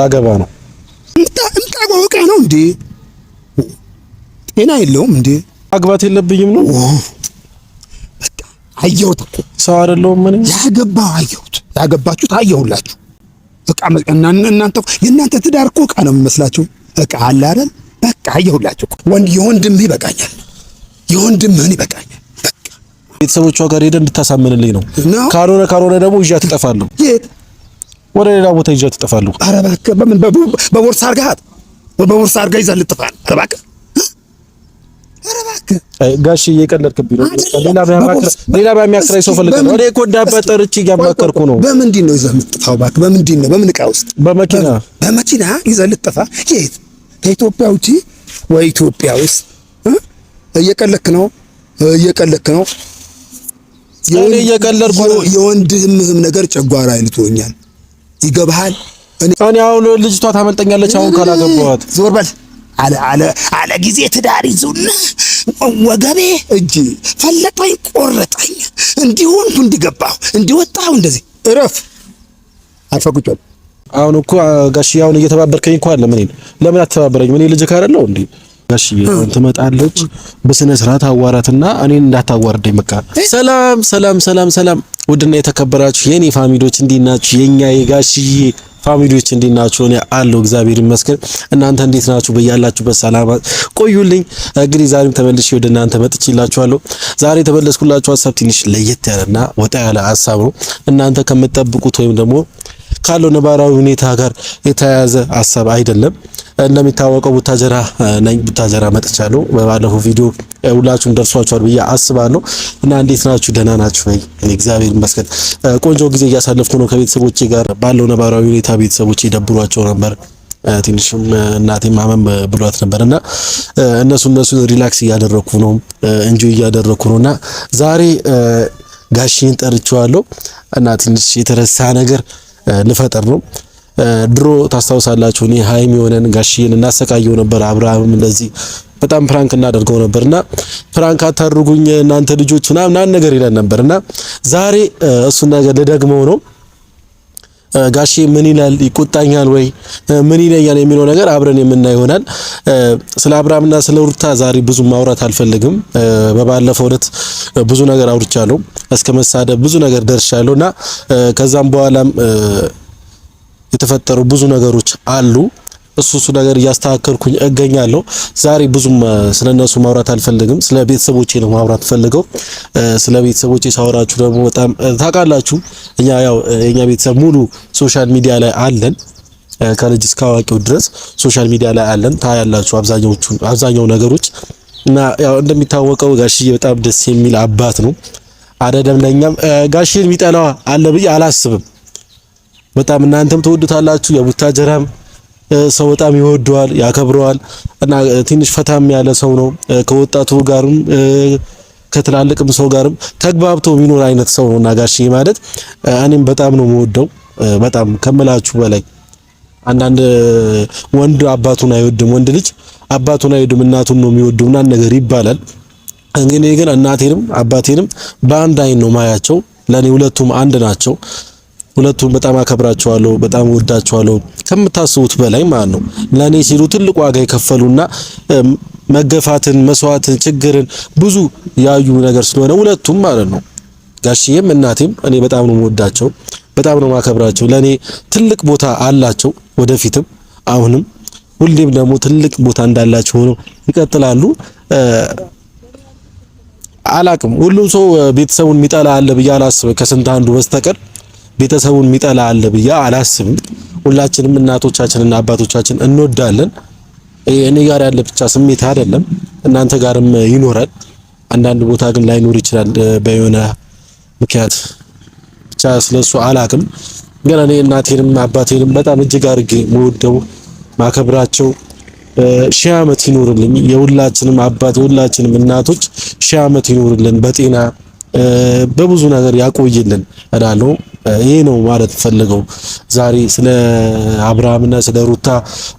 ላገባ ነው። እንጣ በወቃ ነው እንዴ? ጤና የለውም እንዴ? አግባት የለብኝም ነው በቃ። አየሁት እኮ ሰው አይደለሁም እኔ ያገባው አየሁት። ያገባችሁት አየሁላችሁ። እቃ እናንተ የእናንተ ትዳር እኮ እቃ ነው የሚመስላችሁ። እቃ አለ አይደል? በቃ አየሁላችሁ። ወንድ የወንድምህ ይበቃኛል፣ የወንድምህን ይበቃኛል። ቤተሰቦቿ ጋር ሄደን እንድታሳምንልኝ ነው። ካልሆነ ካልሆነ ደግሞ ይዣት ትጠፋለሁ የት ወደ ሌላ ቦታ ይዣት እጠፋለሁ። ኧረ እባክህ በምን በቦርሳ አድርገሀት በቦርሳ አድርገህ ይዘህ ልጥፋል። ኧረ እባክህ ጋሽ እየቀለድክብኝ ነው። ሌላ በሚያከራይ ሰው ፈልገህ ነው። እኔ እኮ እንዳባት ጠርቼ እያማከርኩ ነው። በምንድን ነው ይዘህ የምትጠፋው? እባክህ በምንድን ነው? በምን ዕቃ ውስጥ? በመኪና በመኪና ይዘህ ልጥፋ? የት ከኢትዮጵያ ውጪ ወይ ኢትዮጵያ ውስጥ? እየቀለድክ ነው፣ እየቀለድክ ነው። የወንድህም ነገር ጨጓራ ይልቶኛል ይገባሃል። እኔ አሁን ልጅቷ ታመልጠኛለች። አሁን ካላገባኋት ዞር በል አለ አለ አለ ጊዜ ትዳር ይዙና ወገቤ እጅ ፈለጠኝ ቆረጠኝ፣ እንዲሁ እንዲገባሁ እንዲወጣሁ እንደዚህ እረፍ። አልፈቁጭል አሁን እኮ ጋሽ አሁን እየተባበርከኝ እኮ አለ። ምን ለምን አትተባበረኝ? ምን ልጅ ካረለው እንዴ ጋሽዬ ትመጣለች። በስነ ስርዓት አዋራትና እኔን እንዳታዋርደኝ በቃ። ሰላም ሰላም ሰላም ሰላም። ውድና የተከበራችሁ የኔ ፋሚሊዎች እንዴት ናችሁ? የኛ የጋሽዬ ፋሚሊዎች እንዴት ናችሁ? እኔ አለሁ እግዚአብሔር ይመስገን። እናንተ እንዴት ናችሁ? በያላችሁበት ሰላም ቆዩልኝ። እንግዲህ ዛሬም ተመልሼ ወደ እናንተ መጥቼላችኋለሁ። ዛሬ የተመለስኩላችሁ ሀሳብ ትንሽ ለየት ያለና ወጣ ያለ ሀሳብ ነው። እናንተ ከምትጠብቁት ወይም ደግሞ ካለው ነባራዊ ሁኔታ ጋር የተያያዘ ሀሳብ አይደለም። እንደሚታወቀው ቡታጀራ ነኝ። ቡታጀራ መጥቻለሁ። በባለፈው ቪዲዮ ሁላችሁም ደርሷችኋል ብዬ አስባለሁ እና እንዴት ናችሁ? ደህና ናችሁ ወይ? እግዚአብሔር ይመስገን ቆንጆ ጊዜ እያሳለፍኩ ነው ከቤተሰቦቼ ጋር። ባለው ነባራዊ ሁኔታ ቤተሰቦቼ ይደብሯቸው ነበር። ትንሽም እናቴም አመም ብሏት ነበር እና እነሱ እነሱ ሪላክስ እያደረኩ ነው፣ እንጆይ እያደረኩ ነው እና ዛሬ ጋሽን ጠርቼዋለሁ እና ትንሽ የተረሳ ነገር ልፈጠር ነው ድሮ ታስታውሳላችሁ፣ እኔ ሀይም የሆነን ጋሽን እናሰቃየው ነበር። አብርሃምም እንደዚህ በጣም ፕራንክ እናደርገው ነበርና ፕራንክ አታድርጉኝ እናንተ ልጆች ምናምን ነገር ይለን ነበርና ዛሬ እሱን ነገር ልደግመው ነው። ጋሼ ምን ይላል? ይቆጣኛል ወይ ምን ይለኛል የሚለው ነገር አብረን የምናይ ይሆናል። ስለ አብርሃምና ስለ ሩታ ዛሬ ብዙ ማውራት አልፈልግም። በባለፈው ዕለት ብዙ ነገር አውርቻለሁ፣ እስከ መሳደብ ብዙ ነገር ደርሻለሁና ከዛም በኋላም የተፈጠሩ ብዙ ነገሮች አሉ። እሱ እሱ ነገር እያስተካከልኩኝ እገኛለሁ። ዛሬ ብዙም ስለነሱ ማውራት አልፈልግም። ስለ ቤተሰቦቼ ነው ማውራት ፈልገው። ስለ ቤተሰቦቼ ሳወራችሁ ደግሞ በጣም ታውቃላችሁ፣ እኛ ያው እኛ ቤተሰብ ሙሉ ሶሻል ሚዲያ ላይ አለን። ከልጅ እስከ አዋቂው ድረስ ሶሻል ሚዲያ ላይ አለን። ታያላችሁ አብዛኛዎቹ አብዛኛው ነገሮች እና ያው እንደሚታወቀው ጋሽዬ በጣም ደስ የሚል አባት ነው። አደደም ለኛም ጋሽዬን የሚጠላ አለ ብዬ አላስብም። በጣም እናንተም ትወዱታላችሁ። የቡታጀራም ሰው በጣም ይወደዋል፣ ያከብረዋል እና ትንሽ ፈታም ያለ ሰው ነው። ከወጣቱ ጋርም ከትላልቅም ሰው ጋርም ተግባብቶ የሚኖር አይነት ሰው ነው እና ማለት እኔም በጣም ነው የምወደው በጣም ከምላችሁ በላይ አንዳንድ ወንድ አባቱን አይወድም፣ ወንድ ልጅ አባቱን አይወድም፣ እናቱን ነው የሚወደው ምናምን ነገር ይባላል። እንግዲህ ግን እናቴንም አባቴንም በአንድ አይን ነው ማያቸው። ለኔ ሁለቱም አንድ ናቸው። ሁለቱን በጣም አከብራቸዋለሁ፣ በጣም ወዳቸዋለሁ ከምታስቡት በላይ ማለት ነው። ለእኔ ሲሉ ትልቅ ዋጋ የከፈሉና መገፋትን፣ መስዋዕትን፣ ችግርን ብዙ ያዩ ነገር ስለሆነ ሁለቱም ማለት ነው ጋሽዬም እናቴም እኔ በጣም ነው የምወዳቸው፣ በጣም ነው ማከብራቸው። ለእኔ ትልቅ ቦታ አላቸው። ወደፊትም አሁንም ሁሌም ደግሞ ትልቅ ቦታ እንዳላቸው ሆኖ ይቀጥላሉ። አላቅም ሁሉም ሰው ቤተሰቡን የሚጠላ አለ ብዬ አላስብም ከስንት አንዱ በስተቀር ቤተሰቡን የሚጠላ አለ ብዬ አላስብም። ሁላችንም እናቶቻችንና አባቶቻችን እንወዳለን። እኔ ጋር ያለ ብቻ ስሜት አይደለም፣ እናንተ ጋርም ይኖራል። አንዳንድ ቦታ ግን ላይኖር ይችላል በየሆነ ምክንያት ብቻ። ስለሱ አላቅም፣ ግን እኔ እናቴንም አባቴንም በጣም እጅግ አድርጌ መወደው ማከብራቸው ሺህ ዓመት ይኖርልኝ። የሁላችንም አባት የሁላችንም እናቶች ሺህ ዓመት ይኖርልን በጤና በብዙ ነገር ያቆይልን እላለሁ። ይሄ ነው ማለት ፈልገው። ዛሬ ስለ አብርሃምና ስለ ሩታ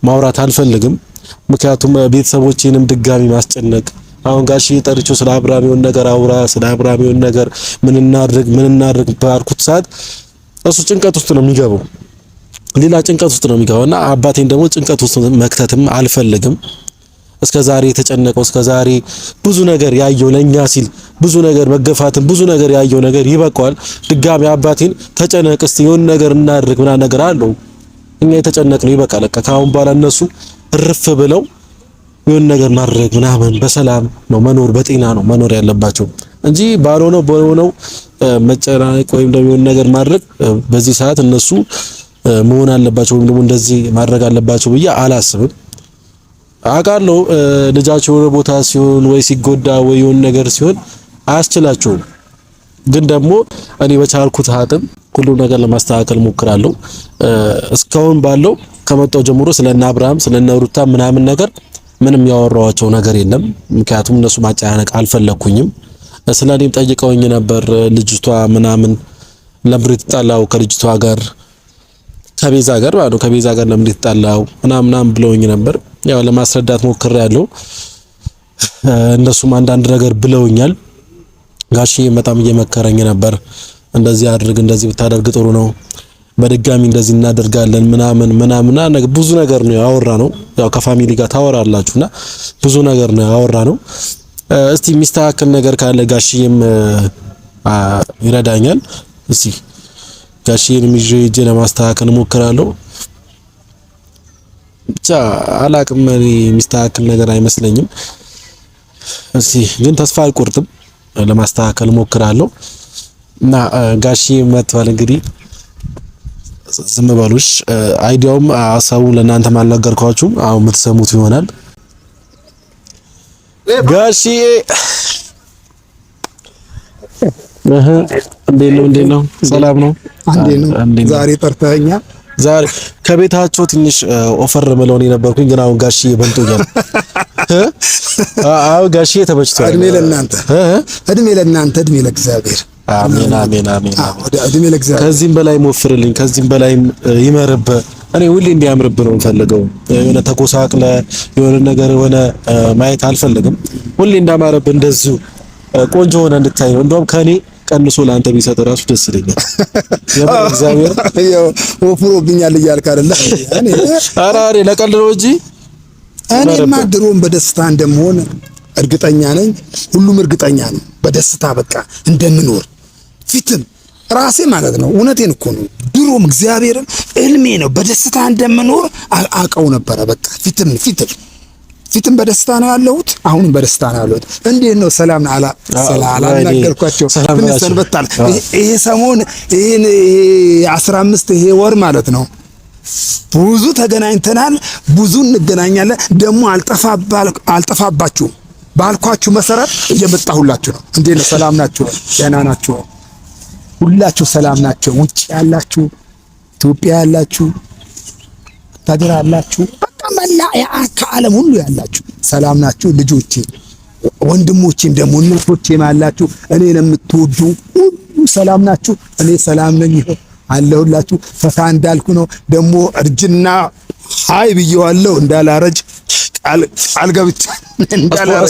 ማውራት አልፈልግም፣ ምክንያቱም ቤተሰቦቼንም ድጋሚ ማስጨነቅ አሁን ጋሽ ጠርቼው ስለ አብርሃም የሆነ ነገር አውራ፣ ስለ አብርሃም የሆነ ነገር ምን እናድርግ ምን እናድርግ ባልኩት ሰዓት እሱ ጭንቀት ውስጥ ነው የሚገባው፣ ሌላ ጭንቀት ውስጥ ነው እና አባቴን ደግሞ ጭንቀት ውስጥ መክተትም አልፈልግም። እስከ ዛሬ የተጨነቀው እስከ ዛሬ ብዙ ነገር ያየው ለኛ ሲል ብዙ ነገር መገፋትን ብዙ ነገር ያየው ነገር ይበቃዋል። ድጋሚ አባቴን ተጨነቅ እስቲ የሆነ ነገር እናድርግ ምናምን ነገር አለው። እኛ የተጨነቅነው ይበቃል። በቃ ከአሁን በኋላ እነሱ እርፍ ብለው የሆነ ነገር ማድረግ ምናምን በሰላም ነው መኖር በጤና ነው መኖር ያለባቸው እንጂ ባልሆነው በሆነው መጨናነቅ ወይም ደግሞ የሆነ ነገር ማድረግ በዚህ ሰዓት እነሱ መሆን አለባቸው ወይም ደግሞ እንደዚህ ማድረግ አለባቸው ብዬ አላስብም። አውቃለሁ ልጃቸው የሆነ ቦታ ሲሆን ወይ ሲጎዳ ወይ የሆነ ነገር ሲሆን አያስችላቸውም። ግን ደግሞ እኔ በቻልኩት አቅም ሁሉ ነገር ለማስተካከል ሞክራለሁ። እስካሁን ባለው ከመጣው ጀምሮ ስለነ አብርሃም ስለነ ሩታ ምናምን ነገር ምንም ያወራኋቸው ነገር የለም። ምክንያቱም እነሱ ማጨናነቅ አልፈለኩኝም። ስለ እኔም ጠይቀውኝ ነበር። ልጅቷ ምናምን ለምን የተጣላው ከልጅቷ ጋር ከቤዛ ጋር ማለት ከቤዛ ጋር ለምን የተጣላው ምናምን ምናምን ብለውኝ ነበር ያው ለማስረዳት ሞክሬ ያለው እነሱም አንዳንድ ነገር ብለውኛል። ጋሽዬ በጣም እየመከረኝ ነበር። እንደዚህ አድርግ፣ እንደዚህ ብታደርግ ጥሩ ነው፣ በድጋሚ እንደዚህ እናደርጋለን ምናምን ምናምን ብዙ ነገር ነው ያወራ ነው። ያው ከፋሚሊ ጋር ታወራላችሁና ብዙ ነገር ነው ያወራ ነው። እስቲ የሚስተካከል ነገር ካለ ጋሽዬም ይረዳኛል። እስቲ ጋሽዬንም ይዤ ለማስተካከል እሞክራለሁ። ብቻ አላቅም። እኔ የሚስተካከል ነገር አይመስለኝም። እስቲ ግን ተስፋ አልቆርጥም፣ ለማስተካከል ሞክራለሁ። እና ጋሺ መጥቷል እንግዲህ ዝም በሉሽ። አይዲያውም ሀሳቡ ለእናንተም አልነገርኳችሁም። አሁን የምትሰሙት ይሆናል። ጋሼ እንዴት ነው? እንዴት ነው? ሰላም ነው? እንዴት ነው? ዛሬ ጠርተኸኛል ዛሬ ከቤታቸው ትንሽ ኦፈር ምለው የነበርኩኝ፣ ግን አሁን ጋሽዬ በልጦኛል። አዎ ጋሽዬ ተመችቷል። እድሜ ለእናንተ እድሜ ለእናንተ እድሜ ለእግዚአብሔር። አሜን አሜን አሜን። እድሜ ለእግዚአብሔር። ከዚህም በላይ ሞፍርልኝ፣ ከዚህም በላይ ይመርብ። እኔ ሁሌ እንዲያምርብ ነው የምፈልገው። የሆነ ተጎሳቅለ የሆነ ነገር የሆነ ማየት አልፈልግም። ሁሌ እንዳማረብ እንደዚሁ ቆንጆ ሆነ እንድታይ ነው። እንደውም ከኔ ቀንሶ ለአንተ ቢሰጥ ራሱ ደስ ይለኛል። እግዚአብሔር ወፍሮብኛል እያልክ አይደለ? ኧረ ኧረ ለቀልድ ነው እንጂ እኔማ ድሮም በደስታ እንደምሆን እርግጠኛ ነኝ። ሁሉም እርግጠኛ ነው በደስታ በቃ እንደምኖር ፊትም ራሴ ማለት ነው። እውነቴን እኮ ነው። ድሮም እግዚአብሔርም እልሜ ነው በደስታ እንደምኖር አውቀው ነበረ። በቃ ፊትም ፊትም ፊትም በደስታ ነው ያለሁት፣ አሁንም በደስታ ነው ያለሁት። እንዴት ነው ሰላም አላ አላናገርኳቸው ብንሰንበታል። ይሄ ሰሞን ይሄን አስራ አምስት ይሄ ወር ማለት ነው ብዙ ተገናኝተናል፣ ብዙ እንገናኛለን። ደግሞ አልጠፋባችሁም ባልኳችሁ መሰረት እየመጣሁላችሁ ነው። እንዴት ነው ሰላም ናችሁ? ደህና ናችሁ? ሁላችሁ ሰላም ናችሁ? ውጭ ያላችሁ ኢትዮጵያ ያላችሁ ታዲያ አላችሁ በመላ ዓለም ሁሉ ያላችሁ ሰላም ናችሁ ልጆቼ፣ ወንድሞቼም ደግሞ እናቶቼም ያላችሁ እኔን የምትወዱ ሁሉ ሰላም ናችሁ። እኔ ሰላም ነኝ አለሁላችሁ። ፈታ እንዳልኩ ነው ደግሞ እርጅና ሀይ ብየዋለሁ እንዳላረጅ ቃል ገብቻ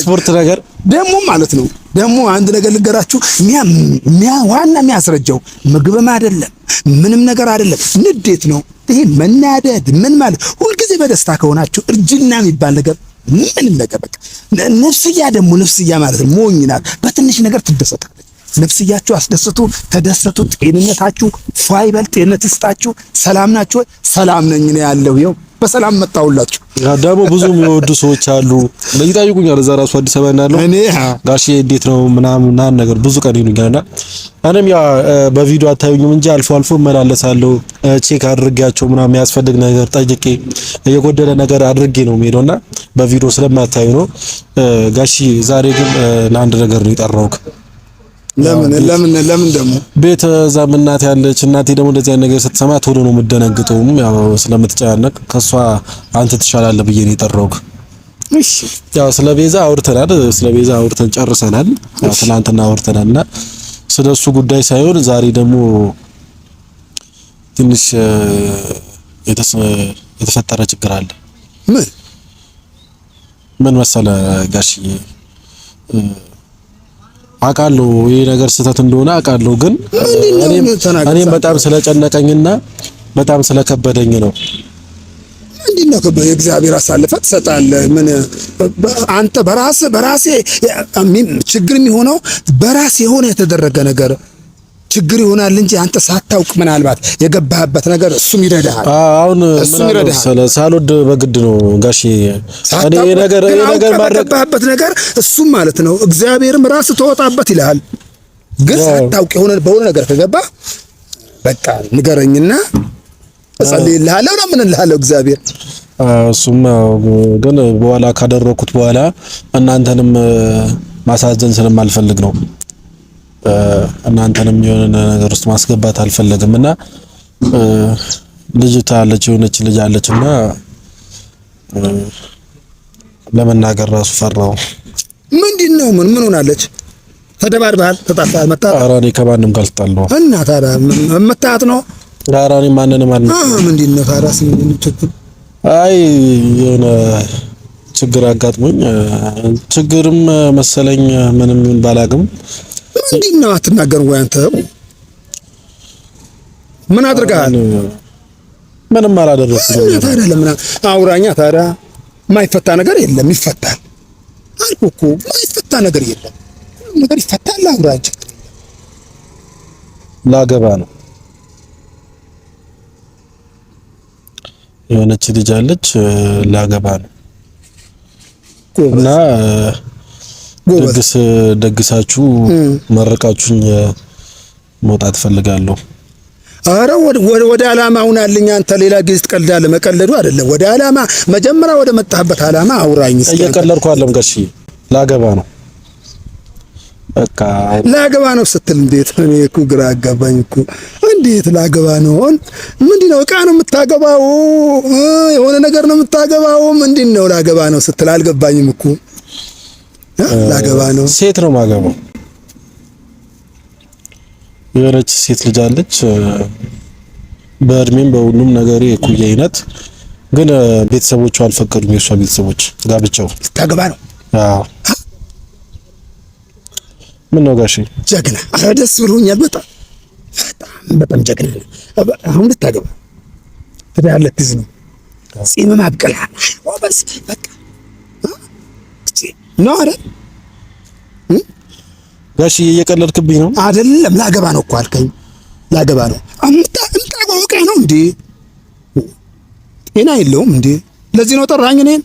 ስፖርት ነገር ደግሞ ማለት ነው። ደግሞ አንድ ነገር ልገራችሁ። ዋና የሚያስረጀው ምግብም አይደለም ምንም ነገር አይደለም፣ ንዴት ነው። ይሄ መናደድ ምን ማለት ሁልጊዜ በደስታ ከሆናችሁ እርጅና የሚባል ነገር ምንም ነገር በቃ። ነፍስያ ደግሞ ነፍስያ ማለት ሞኝ ናት። በትንሽ ነገር ትደሰታለች። ነፍስያችሁ አስደስቱ፣ ተደሰቱ። ጤንነታችሁ ፏ ጤንነት ይስጣችሁ። ሰላም ናችሁ? ሰላም ነኝ ነው ያለው ይኸው በሰላም መጣሁላችሁ። ዳቦ ብዙ የሚወዱ ሰዎች አሉ ይጠይቁኛል። እዛ ራሱ አዲስ አበባ እንዳለው እኔ ጋሼ እንዴት ነው ምናምን ነገር ብዙ ቀን ይሉኛልና እኔም ያ በቪዲዮ አታዩኝም እንጂ አልፎ አልፎ እመላለሳለሁ። ቼክ አድርጌያቸው ምናምን የሚያስፈልግ ነገር ጠይቄ የጎደለ ነገር አድርጌ ነው የምሄደውና በቪዲዮ ስለማታዩ ነው ጋሺ። ዛሬ ግን ለአንድ ነገር ነው የጠራሁት ለምን ለምን ለምን ደግሞ ቤት እዛም ያለች እናቴ ደግሞ እንደዚህ አይነት ነገር ስትሰማ ቶሎ ነው የምደነግጠውም፣ ያው ስለምትጨናነቅ ከሷ አንተ ትሻላለህ ብዬ ነው የጠራሁህ። እሺ ያው ስለ ቤዛ አውርተናል፣ ስለ ቤዛ አውርተን ጨርሰናል። ያው ትናንትና አውርተናልና ስለሱ ጉዳይ ሳይሆን ዛሬ ደግሞ ትንሽ የተፈጠረ ችግር አለ። ምን ምን መሰለህ ጋሽዬ አውቃለሁ ይሄ ነገር ስህተት እንደሆነ አውቃለሁ። ግን እኔም በጣም ስለጨነቀኝና በጣም ስለከበደኝ ነው። ምንድን ነው ከበ የእግዚአብሔር አሳልፈህ ትሰጣለህ። ምን አንተ በራስ በራሴ ችግር የሚሆነው በራስ የሆነ የተደረገ ነገር ችግር ይሆናል እንጂ አንተ ሳታውቅ ምናልባት የገባህበት ነገር እሱም ይረዳሃል። አሁን እሱም ይረዳሃል። ሳልወድ በግድ ነው ጋሼ ነገር ነገር በገባህበት ነገር እሱም ማለት ነው እግዚአብሔርም ራስ ተወጣበት ይልሃል። ግን ሳታውቅ የሆነ በሆነ ነገር ከገባ በቃ ንገረኝና እጸልይልሃለሁ ነው ምን እልሃለሁ እግዚአብሔር እሱም ግን በኋላ ካደረኩት በኋላ እናንተንም ማሳዘን ስለማልፈልግ ነው። እናንተንም የሆነ ነገር ውስጥ ማስገባት አልፈለግም እና ልጅቷ አለች የሆነች ልጅ አለች እና ለመናገር ራሱ ፈራው። ምንድን ነው ምን ምን ሆናለች? ተደባድበሃል? ተጣልተሃል? መጣ ኧረ እኔ ከማንም ጋር ተጣለው እና ታዲያ መጣት ነው። ኧረ እኔ ማንንም አለ ምንድን ነው ታዲያ አይ የሆነ ችግር አጋጥሞኝ ችግርም መሰለኝ ምንም ባላግም እንዴት ነው አትናገርም ወይ አንተ? ምን አድርጋል? ምንም አላደረኩም። ታዲያ ለምን አውራኛ? ታዲያ ማይፈታ ነገር የለም ይፈታል። አልኩህ እኮ ማይፈታ ነገር የለም፣ ነገር ይፈታል። አውራኝ ላገባ ነው። የሆነች ልጅ አለች፣ ላገባ ነው እና ድግስ ደግሳችሁ መረቃችሁኝ መውጣት ፈልጋለሁ። አረ ወደ አላማ ሁናልኝ። አንተ ሌላ ጊዜ ትቀልዳለህ። መቀለዱ አይደለም ወደ አላማ መጀመሪያ ወደ መጣህበት አላማ አውራኝ። እየቀለድኩ አለም ጋሽ ላገባ ነው በቃ ላገባ ነው ስትል እንዴት? እኔ እኮ ግራ አጋባኝ እኮ እንዴት ላገባ ነው? ምንድን ነው እቃ ነው የምታገባው? የሆነ ነገር ነው የምታገባው? ምንድን ነው ላገባ ነው ስትል አልገባኝም እኮ ላገባ ነው። ሴት ነው ማገባው። የሆነች ሴት ልጅ አለች። በእድሜም በሁሉም ነገር የእኩያዬ አይነት ግን ቤተሰቦቹ አልፈቀዱም። የእሷ ቤተሰቦች ጋብቻው ልታገባ ነው። አዎ። ምን ነው ጋሽ ጀግና። ኧረ ደስ ብሎኛል በጣም በጣም በጣም ጀግና ነው። አሁን ልታገባ ትዳር ልትይዝ ነው። ጺምም አብቅልሃል። በቃ ነው አይደል? ጋሺ እየቀለድክብኝ ነው አይደለም? ላገባ ነው እኮ አልከኝ። ላገባ ነው አምጣ አምጣ ወቀ ነው እንዴ? ጤና የለውም እንዴ? ለዚህ ነው ጠራኝ እኔን?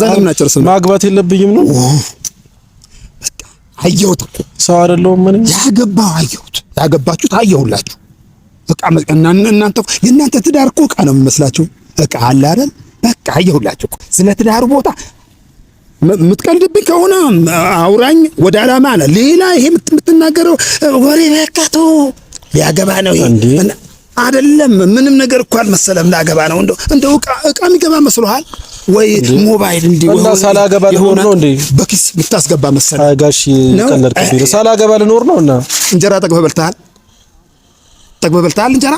ዛሬ ምን አጨርሰው ማግባት የለብኝም ነው በቃ። አየሁት ሰው አይደለሁም። ምን ያገባው አየሁት። ያገባችሁት አየሁላችሁ። በቃ እናንተ የእናንተ ትዳር እኮ ዕቃ ነው የሚመስላችሁ። ዕቃ አለ አይደል በቃ አየሁላችሁ። ስለ ትዳሩ ቦታ የምትቀልድብኝ ከሆነ አውራኝ ወደ አላማ አለ። ሌላ ይሄ የምትናገረው ወሬ በቃቶ ሊያገባ ነው ይሄ አይደለም። ምንም ነገር እኮ አልመሰለም። ላገባ ነው እንደው እንደው እቃ እቃ የሚገባ መስሎሃል ወይ ሞባይል እንዲ እና ሳላገባ ልኖር ነው እንዴ? በኪስ የምታስገባ መሰለህ? ጋሽ ቀለድኩ። ሳላገባ ልኖር ነው እና እንጀራ ጠግበህ በልተሃል። ተግበበልታል። እንጀራ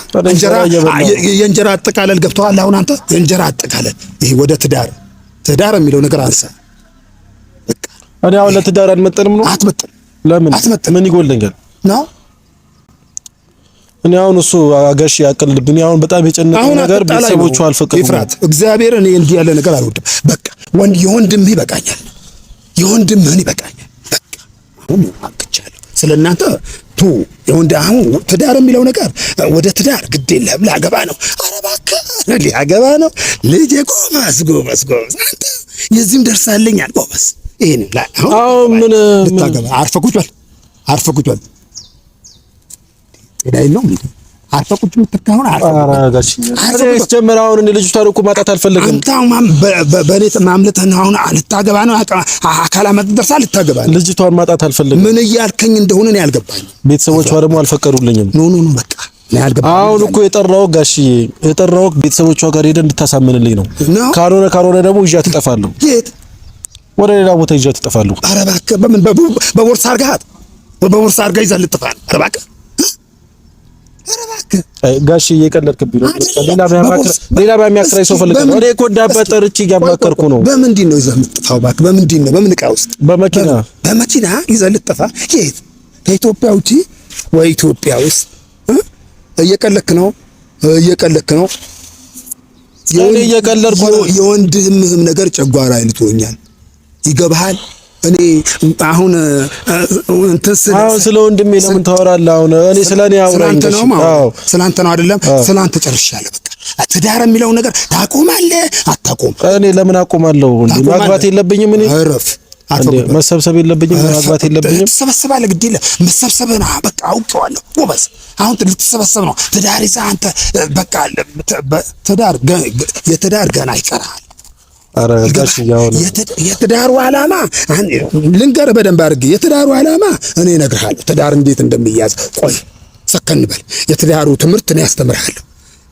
እንጀራ የእንጀራ አጠቃለል ገብተዋል። አሁን አንተ የእንጀራ አጠቃለል ይሄ ወደ ትዳር ትዳር የሚለው ነገር አንሳ። በቃ እኔ አሁን ለትዳር አልመጠንም ነው። አትመጥንም። ለምን አትመጥንም? ምን ይጎለኛል ነው እኔ አሁን እሱ አጋሽ ያቀልልብኝ። አሁን በጣም የጨነቀኝ ነገር ቤተሰቦቹ አልፈቀዱም። ይፍራት እግዚአብሔር እኔ እንዲህ ያለ ነገር አልወድም። በቃ ወንድ የወንድምህ ይበቃኛል፣ የወንድምህን ይበቃኛል። በቃ አሁን አቅቻለሁ። ስለ እናንተ ቱ ይሁን አሁን ትዳር የሚለው ነገር ወደ ትዳር ግድ የለም ላገባ ነው። ኧረ እባክህ ሊያገባ ነው ልጄ። ጎበዝ ጎበዝ ጎበዝ፣ አንተ የዚህም ደርሳለኛል ጎበዝ። ይሄን ላይ አሁን ምን ልታገባ አርፈህ ቁጭ በል አርፈህ ቁጭ በል ጤና የለውም አንተ ቁጭ የምትካሁን አሁን ልጅቷ እኮ ማጣት አልፈለግም። አንተ በኔ አሁን ልታገባ ነው አካል አመት ደርሳ ልታገባ ነው። ልጅቷን ማጣት አልፈለግም። ምን እያልከኝ እንደሆነ እኔ አልገባኝም። ቤተሰቦቿ ደግሞ አልፈቀዱልኝም። ኖ ኖ ኖ በቃ አሁን እኮ የጠራሁት ጋሽዬ የጠራሁት ቤተሰቦቿ ጋር ሄደህ እንድታሳምንልኝ ነው። ካልሆነ ካልሆነ ደግሞ ይዣት እጠፋለሁ። ወደ ሌላ ቦታ ይዣት እጠፋለሁ። ኧረ እባክህ በምን በቦርሳ አድርገሀት በቦርሳ አድርገህ ይዘህ ልጥፋ። ኧረ እባክህ ጋሽ እየቀለድክብኝ ነው። ሌላ ሌላ በሚያከራይ ሰው ፈልገህ ነው። እኔ እኮ እንዳበጠርች እያማከርኩ ነው። በምንድን ነው ይዘህ የምትጠፋው? እባክህ በምንድን ነው? በምን ዕቃ ውስጥ? በመኪና በመኪና ይዘህ ልትጠፋ? የት ከኢትዮጵያ ውጪ ወይ ኢትዮጵያ ውስጥ? እየቀለድክ ነው፣ እየቀለድክ ነው። ነው። የወንድምህም ነገር ጨጓራ አይልቶኛል። ይገባሃል? እኔ አሁን እንትን ስለ ወንድሜ ለምን ታወራለህ? አሁን እኔ ስለ እኔ አውራኝ ስለ አንተ ነው አይደለም፣ ስለ አንተ ጨርሻለሁ። በቃ ትዳር የሚለው ነገር ታቆማለህ አታቆም። እኔ ለምን አቆማለሁ? እንዴ ማግባት የለብኝም እኔ እረፍ መሰብሰብ የለብኝም ማግባት የለብኝም። ትሰበሰባለህ፣ ግድ የለም ነው። በቃ አውቄዋለሁ። ጎበዝ፣ አሁን ልትሰበሰብ ነው። ትዳር ይዘህ አንተ በቃ ትዳር የትዳር ገና ይቀርሃል። የትዳሩ ዓላማ ልንገር በደንብ አድርጌ። የትዳሩ ዓላማ እኔ እነግርሃለሁ፣ ትዳር እንዴት እንደሚያዝ። ቆይ ሰከን በል። የትዳሩ ትምህርት እኔ አስተምርሃለሁ።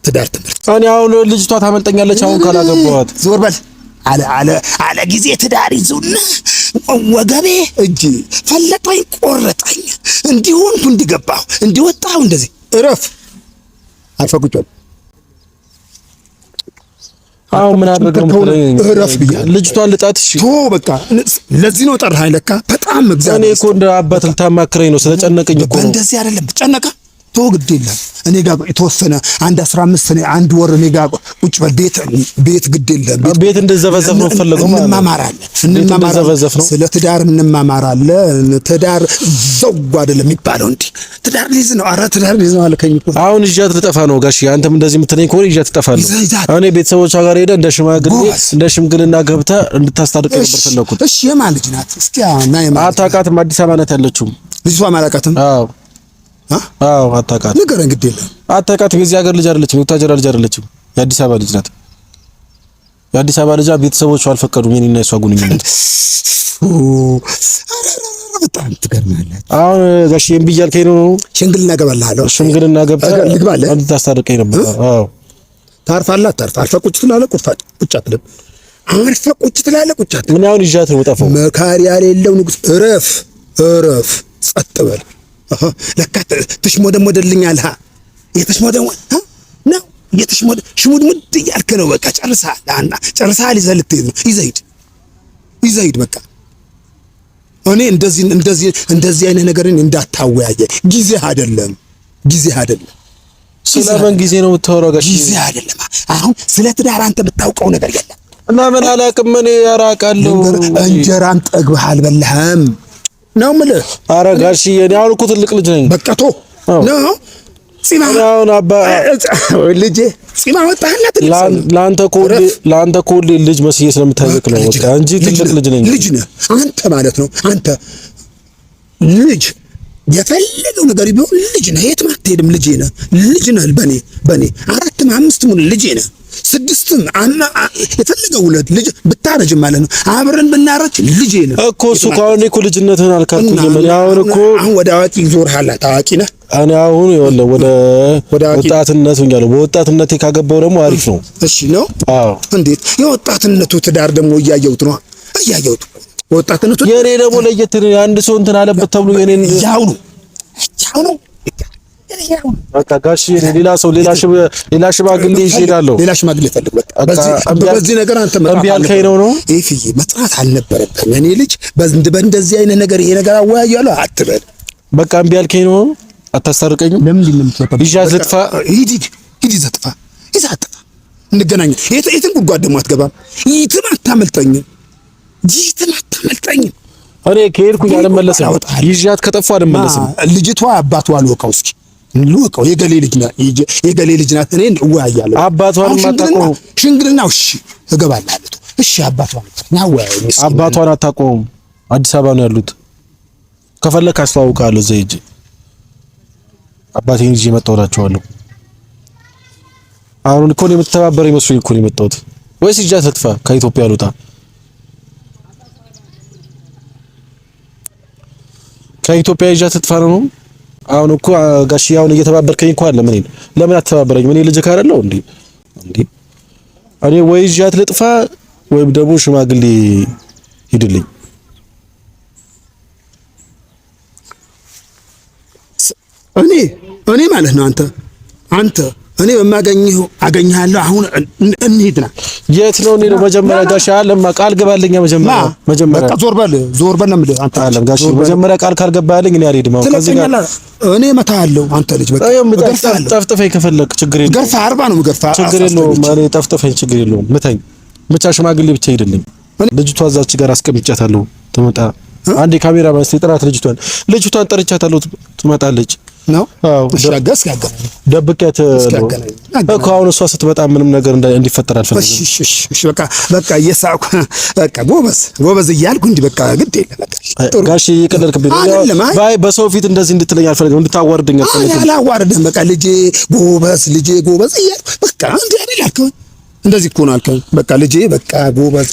ትዳር ትምህርት እኔ አሁን ልጅቷ ታመልጠኛለች፣ አሁን ካላገባኋት ዞር በል አለ አለ አለ ጊዜ ትዳር ይዙና ወገቤ እጅ ፈለጠኝ ቆረጠኝ፣ እንዲሆንኩ እንዲገባሁ እንዲወጣሁ እንደዚህ እረፍ አልፈጉጫል አሁን ምን አድርገው እረፍ ብያለሁ። ልጅቷን ልጣት። እሺ ቶ በቃ ለዚህ ነው ጠራኸኝ። ለካ በጣም እግዚአብሔር እኔ እኮ እንደ አባት ልታማክረኝ ነው። ስለጨነቀኝ እኮ እንደዚህ አይደለም ጨነቀ መጥቶ ግድ የለም እኔ ጋር የተወሰነ አንድ አስራ አምስት አንድ ወር እኔ ጋር ቁጭ በል ቤት ቤት ግድ የለም ቤት እንደዘፈዘፍ ነው ፈለገው እንማማራለን እንማማራለን ስለ ትዳር እንማማራለን ትዳር ዘው አይደለም የሚባለው እንዲህ ትዳር ሊዝ ነው ኧረ ትዳር ሊዝ ነው አልከኝ እኮ አሁን ይዣት ልጠፋ ነው ጋሽ አንተም እንደዚህ የምትለኝ ከሆነ ይዣት እጠፋለሁ እኔ ቤተሰቦቿ ጋር ሄደህ እንደ ሽማግሌ እንደ ሽምግልና ገብተህ እንድታስታርቅ ነበር ፈለኩት እሺ የማን ልጅ ናት እስኪ ና የማን አታውቃትም አዲስ አበባ ናት ያለችው ልጅቷ ማላውቃትም አዎ አዎ አታውቃትም። ንገረን፣ ግድ የለም አታውቃትም። የዚህ ሀገር ልጅ አይደለችም፣ የወታጀራ ልጅ አይደለችም። የአዲስ አበባ ልጅ ናት። የአዲስ አበባ ልጅ ቤተሰቦቿ አልፈቀዱም። የኔና የሷ ግንኙነት በጣም ትገርማለህ። አሁን ጋሽዬም ብያልከኝ ነው። ሽምግልና እገባልሃለሁ። ሽምግልና ገብተህ ልግባለህ። እንድታስታርቀኝ ነበር። አዎ ታርፋለህ። አታርፍ አርፈህ ቁጭ ትላለህ። ቁጭ አትልም። አርፈህ ቁጭ ትላለህ። ቁጭ አትልም። ምን አሁን ይዣት ነው ጠፋሁ። መካሪያ ያሌለው ንጉስ። እረፍ እረፍ፣ ጸጥ በል ለካ ትሽሞደሞደልኛለህ። እየተሽሞደሞደ ነው እየተሽሞደ ሽሙድሙድ እያልክ ነው። በቃ ጨርሰሃል። አና ጨርሰሃል። ይዘህ ልትሄድ ነው። ይዘህ ሂድ፣ ይዘህ ሂድ። በቃ እኔ እንደዚህ እንደዚህ እንደዚህ አይነት ነገርን እንዳታወያየ ጊዜህ አይደለም፣ ጊዜህ አይደለም። ስለምን ጊዜ ነው የምታወራው? ጋሽ ጊዜ አይደለም። አሁን ስለ ትዳር አንተ የምታውቀው ነገር የለም እና ምን አላውቅም እኔ ያራቃለሁ። እንጀራም ጠግበህ አልበላህም ነው የምልህ። ኧረ ጋሽዬ እኔ አሁን እኮ ትልቅ ልጅ ነኝ። በቃ ቶ ነው ለአንተ እኮ ሁሌ ልጅ መስዬ ስለምታዘክ ነው በቃ እንጂ ትልቅ ልጅ ነኝ። ልጅ ነህ አንተ ማለት ነው። አንተ ልጅ የፈለገው ነገር ቢሆን ልጅ ነህ። የትም አትሄድም። ልጄ ነህ። ልጅ ነህ። በኔ በኔ አራትም አምስትም ልጄ ነህ። ስድስትን አና የፈለገ ሁለት ልጅ ብታረጅ ማለት ነው። አብረን ብናረጅ ልጅ የለም እኮ እሱ ከአሁን እኮ ልጅነትህን አልካልኩኝ። አሁን እኮ አሁን ወደ አዋቂ ዞርሃል። ታዋቂ ነህ። እኔ አሁን ይኸውልህ ወደ ወጣትነት ሆኛለሁ። በወጣትነቴ ካገባው ደግሞ አሪፍ ነው። እሺ ነው። አዎ እንዴት የወጣትነቱ ትዳር ደግሞ እያየሁት ነው፣ እያየሁት ወጣትነቱ። የኔ ደግሞ ለየት ነው። አንድ ሰው እንትን አለበት ተብሎ የኔን ያው ነው ያው ነው በቃ ጋሽ ሌላ ሰው ሌላ ሽማግሌ ይሄዳለሁ። ሌላ ሽማግሌ ፈልግ። በቃ በዚህ ነገር አንተ እምቢ አልከኝ ነው ነው ይፍይ መጥራት አልነበረብህም። እኔ ልጅ በእንደዚህ አይነት ነገር ይሄ ነገር አወያያለሁ አትበል። በቃ እምቢ አልከኝ ነው። አታስታርቀኝም? ለምንድን ነው ይዣት ልጥፋ። ሂድ ሂድ ሂድ፣ ጥፋ፣ ይዘህ አትጥፋ። እንገናኛለን። የትም ጉድጓድ ደግሞ አትገባም። የትም አታመልጠኝም። የትም አታመልጠኝም። እኔ ከሄድኩኝ አልመለስም። ይዣት ከጠፋሁ አልመለስም። ልጅቷ አባቷ አልወቀው እስኪ እንወቀው የገሌ ልጅ ናት፣ የገሌ ልጅ ናት። እኔ እወያያለሁ። አባቷን ማጣቆ ሽንግልናው እሺ፣ እገባላለሁ። እሺ፣ አባቷን እናወያይ። አባቷን አታቆም፣ አዲስ አበባ ነው ያሉት። ከፈለክ አስተዋውቃለሁ። እዛ ሂጅ፣ አባቴን ይዤ መጣሁ እላቸዋለሁ። አሁን እኮ ነው የምትተባበረኝ መስሎኝ እኮ ነው የመጣሁት። ወይስ እጃ ተጥፋ ከኢትዮጵያ አልወጣ ከኢትዮጵያ እጃ ተጥፋ ነው አሁን እኮ ጋሽ አሁን እየተባበርከኝ እኮ አለ። ምን ለምን አትተባበረኝ? ምን ልጅ ካረለው እንዴ እንዴ እኔ ወይ ይዣት ልጥፋ ወይም ደግሞ ሽማግሌ ሂድልኝ። እኔ እኔ ማለት ነው አንተ አንተ እኔ በማገኘው አገኛለሁ። አሁን እንሂድና የት ነው እኔ ነው መጀመሪያ ጋሻ አለም ቃል ገባልኝ። መጀመሪያ መጀመሪያ በቃ ዞር በል ዞር በል ነው አንተ አለም ጋሽ መጀመሪያ ቃል ካልገባልኝ እኔ አልሄድም። አሁን ከዚህ ጋር እኔ እመታሃለሁ። አንተ ልጅ በቃ ጠፍጥፈኝ፣ ከፈለክ ችግር የለውም። ገርፋ አርባ ነው ገርፋ ችግር የለውም። እኔ ጠፍጥፈኝ፣ ችግር የለውም። ምታኝ ብቻ ሽማግሌ ብቻ ሄድልኝ። ልጅቷ እዛች ጋር አስቀምጫታለሁ። ትመጣ አንዴ ካሜራ ማንስ ጥራት ልጅቷን ልጅቷን ጠርቻታለሁ። ትመጣለች ነው እሺ፣ አጋስ ያጋ ደብቀት እኮ አሁን እሷ ስትመጣ ምንም ነገር እንዲፈጠር አልፈልግም። እሺ፣ እሺ፣ እሺ፣ በቃ በቃ እየሳቁ በቃ ጎበዝ ጎበዝ እያልኩ እንዲህ በቃ ግድ የለም ጋሽ እየቀለድክብኝ ባይ በሰው ፊት እንደዚህ እንድትለኝ አልፈልግም፣ እንድታዋርደኝ አልፈልግም። አላዋርድም። በቃ ልጄ ጎበዝ ልጄ ጎበዝ እያልኩ በቃ እንዲህ አይደል እንደዚህ እኮ ነው አልከው። በቃ ልጄ በቃ ጎበዝ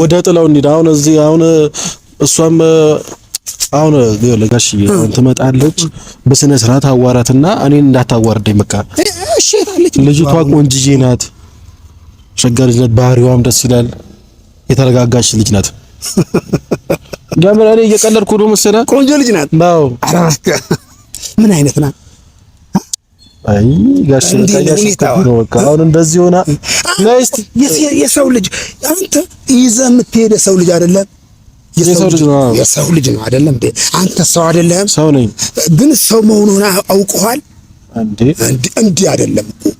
ወደ ጥለው እንሂድ አሁን እዚህ አሁን እሷም አሁን ለጋሽ ትመጣለች፣ በስነ ስርዓት አዋራትና እኔን እንዳታዋርደኝ በቃ እሺ። ልጅቷ ቆንጅዬ ናት፣ ሸጋ ልጅ ናት፣ ባህሪዋም ደስ ይላል። የተረጋጋች ልጅ ናት። ለምን እኔ እየቀለድኩ ነው መሰለህ? ቆንጆ ልጅ ናት። አዎ፣ ምን አይነት ናት? አይ ጋሽ ነው አሁን እንደዚህ ሆና የሰው ልጅ አንተ ይዘህ የምትሄደ ሰው ልጅ አይደለም የሰው ልጅ ነው የሰው ልጅ ነው አይደለም አንተ ሰው አይደለህም ሰው ነኝ። ግን ሰው መሆኑን አውቀዋል እንዴ? አይደለም እኮ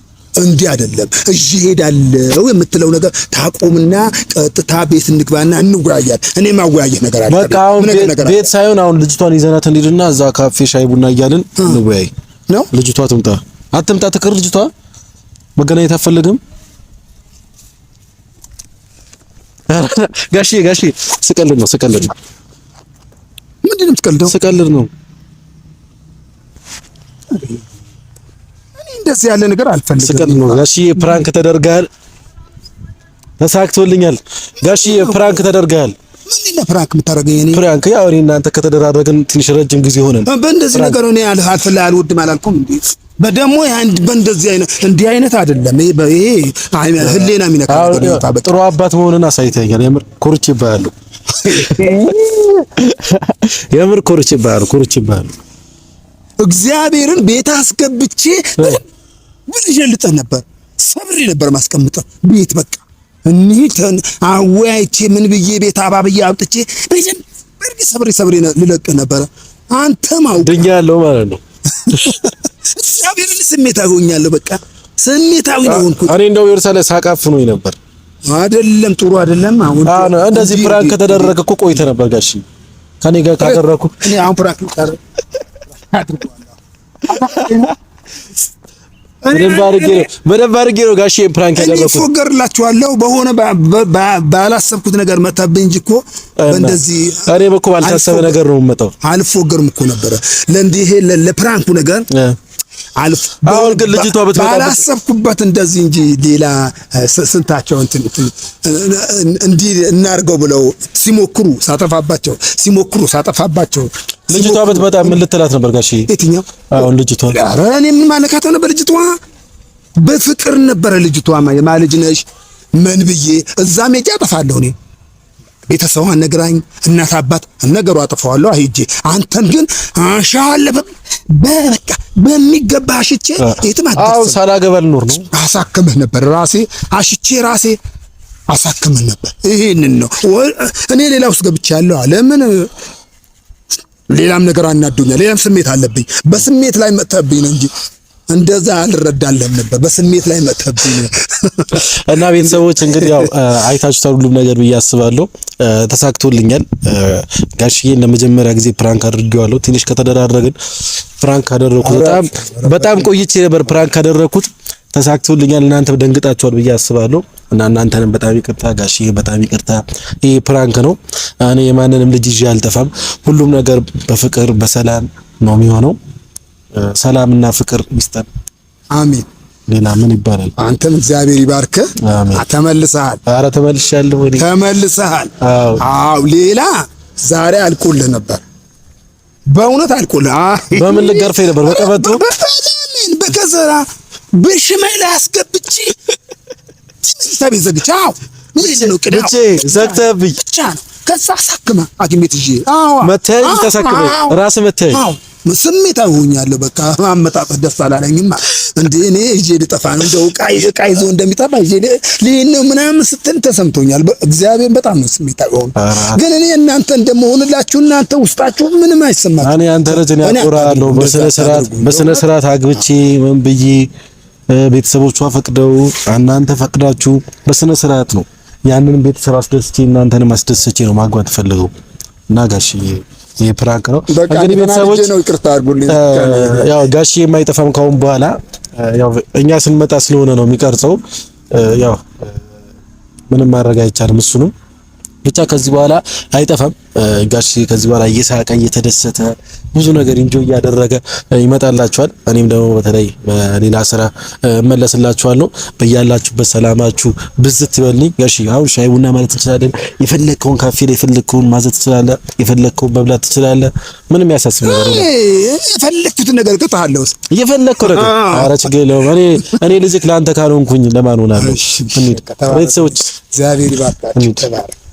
እንዲህ አይደለም። እዚህ ሄዳለው የምትለው ነገር ታቆምና ቀጥታ ቤት እንግባና እንወያያል። እኔ ማወያየት ነገር አለ። በቃ አሁን ቤት ሳይሆን አሁን ልጅቷን ይዘናት እንሂድና እዛ ካፌ ሻይ ቡና እያልን እንወያይ ነው። ልጅቷ ትምጣ አትምጣ ትቅር። ልጅቷ መገናኘት አትፈልግም። ጋሼ ጋሼ ስቀልድ ነው ስቀልድ ነው። ምንድን ነው የምትቀልደው? ስቀልድ ነው። እኔ እንደዚህ ያለ ነገር አልፈልግም። ስቀልድ ነው ጋሼ። ፕራንክ ተደርጋል፣ ተሳክቶልኛል ጋሼ። ፕራንክ ተደርጋል። ምን ነው ፕራንክ የምታደርገኝ? እኔ ፕራንክ ያው እኔ እናንተ ከተደራረግን ትንሽ ረጅም ጊዜ ሆነን በእንደዚህ ነገር እኔ አልወድም አላልኩም እንዴ በደሞ በእንደዚህ አይነት እንዲህ አይነት አይደለም። ይሄ ህሌና የሚነካ ጥሩ አባት መሆንን አሳይተኛል። የምር ኩርች ይባላል፣ የምር ኩርች ይባላል፣ ኩርች ይባላል። እግዚአብሔርን ቤት አስገብቼ ምን ይልጥ ነበር፣ ሰብሪ ነበር ማስቀምጠ ቤት በቃ እኒህ አወያይቼ ምን ብዬ ቤት አባብዬ አውጥቼ በርግ ሰብሪ ሰብሪ ልለቅ ነበረ። አንተ ማውቅ ድኛ ያለው ማለት ነው እግዚአብሔርን ስሜታዊ ሆኛለሁ። በቃ ስሜታዊ ነው ሆንኩት። እኔ እንደው የርሳለ ሳቃፍ ነው ነበር አይደለም፣ ጥሩ አይደለም። አሁን እንደዚህ ፕራንክ ከተደረገ እኮ ቆይተ ነበር ጋሽ ከኔ ጋር ካደረኩ እኔ አሁን ፕራንክ በደንብ አድርጌ ነው ጋሼ ፕራንክ ያደረኩት። እፎገርላችኋለሁ በሆነ ባላሰብኩት ነገር መታብኝ እንጂ እኮ በእንደዚህ እኔም እኮ ባልታሰበ ነገር ነው የምመጣው። አልፎገርም እኮ ነበረ ለእንዲህ ለፕራንኩ ነገር አሁን ግን ልጅቷ በትመጣ ባላሰብኩበት እንደዚህ እንጂ ሌላ ስንታቸው እንትን እንዲህ እናርገው ብለው ሲሞክሩ ሳጠፋባቸው ሲሞክሩ ሳጠፋባቸው ልጅቷ በጣም ምን ልትላት ነበር ጋሺ? የትኛው አሁን ልጅቷ ኧረ እኔ ምን ማነካተው ነበር ልጅቷ በፍቅር ነበረ ልጅቷ ማልጅ ነሽ ምን ብዬ እዛ ሜጃ አጠፋለሁ እኔ ቤተሰቧን ነግራኝ እናት አባት ነገሩ አጥፈዋለሁ ሂጄ አንተን ግን አንሻለበብ በቃ በሚገባ አሽቼ የትም አትደርስም። ሳላገባ ልኖር ነው። አሳክምህ ነበር ራሴ አሽቼ ራሴ አሳክምህ ነበር። ይሄንን ነው እኔ ሌላ ውስጥ ገብቻለሁ። ለምን ሌላም ነገር አናዶኛል። ሌላም ስሜት አለብኝ። በስሜት ላይ መጥተብኝ ነው እንጂ እንደዛ አልረዳለም ነበር። በስሜት ላይ መጥተብኝ እና ቤተሰቦች እንግዲህ ያው አይታችሁታል ሁሉም ነገር ብዬ አስባለሁ። ተሳክቶልኛል። ጋሽዬን ለመጀመሪያ ጊዜ ፕራንክ አድርጌዋለሁ። ትንሽ ከተደራረግን ፕራንክ አደረኩት። በጣም በጣም ቆይቼ ነበር ፕራንክ አደረኩት። ተሳክቶልኛል። እናንተ ደንግጣችኋል ብዬ አስባለሁ እና እናንተንም በጣም ይቅርታ ጋሽዬ፣ በጣም ይቅርታ። ይሄ ፕራንክ ነው። እኔ የማንንም ልጅ ይዤ አልጠፋም። ሁሉም ነገር በፍቅር በሰላም ነው የሚሆነው። ሰላምና ፍቅር ይስጠን። አሜን። ሌላ ምን ይባላል? አንተም እግዚአብሔር ይባርክ። አሜን። ተመልሰሃል። ኧረ ተመልሻለሁ። እኔ ተመልሰሃል። አዎ። ሌላ ዛሬ አልቆልህ ነበር፣ በእውነት አልቆልህ። አይ በምን ልገርፈኝ ነበር? በቀበቶ በከዘራ በሽመላ አስገብቼ ቤት ዘግቼ። ዘግተህብኝ ብቻ ነው። ከዛ ሳክመህ ሐኪም ተሳክመህ ራስህ መተህ ስሜታዊ ሆኛለሁ። በቃ ማመጣጠፍ ደስ አላለኝም። እንደ እኔ እጄ ልጠፋ ነው እንደው ዕቃ ይዞ እንደሚጠፋ እጄ ልሄድ ነው ምናምን ስትል ተሰምቶኛል። እግዚአብሔር በጣም ነው ስሜታ ሆነ። ግን እኔ እናንተ እንደመሆንላችሁ እናንተ ውስጣችሁ ምንም አይሰማችሁ። እኔ አንተ ልጅ እኔ አቆራለሁ በስነ ስርዓት አግብቼ ምን ብዬ ቤተሰቦቿ ፈቅደው እናንተ ፈቅዳችሁ በስነ ስርዓት ነው ያንን ቤተሰብ አስደስቼ እናንተንም አስደስቼ ነው ማግባት ፈልገው እና ጋሽዬ ይሄ ፕራንክ ነው። እንግዲህ ቤተሰቦች ነው ይቅርታ አድርጉልኝ። ያው ጋሼ የማይጠፋም ካሁን በኋላ ያው እኛ ስንመጣ ስለሆነ ነው የሚቀርጸው። ያው ምንም ማድረግ አይቻልም እሱንም ብቻ ከዚህ በኋላ አይጠፋም። ጋሽ ከዚህ በኋላ እየሳቀ እየተደሰተ ብዙ ነገር እንጆ እያደረገ ይመጣላችኋል። እኔም ደግሞ በተለይ በሌላ ስራ እመለስላችኋለሁ። በያላችሁበት ሰላማችሁ ብዝት ይበልኝ። ጋሽ አሁን ሻይ ቡና ማለት እንችላለን። የፈለግከውን ካፌ ላይ የፈለግከውን ማዘት ትችላለ፣ የፈለግከውን መብላት ትችላለ። ምንም ያሳስብ ነገር ነው። የፈለግኩትን ነገር እቀጣለሁ። የፈለግከው ነገር ኧረ ችግር የለውም። እኔ እኔ ልጅክ ለአንተ ካልሆንኩኝ ለማን ሆናለሁ? እንሂድ ቤተሰቦች እግዚአብሔር ይባርካችሁ።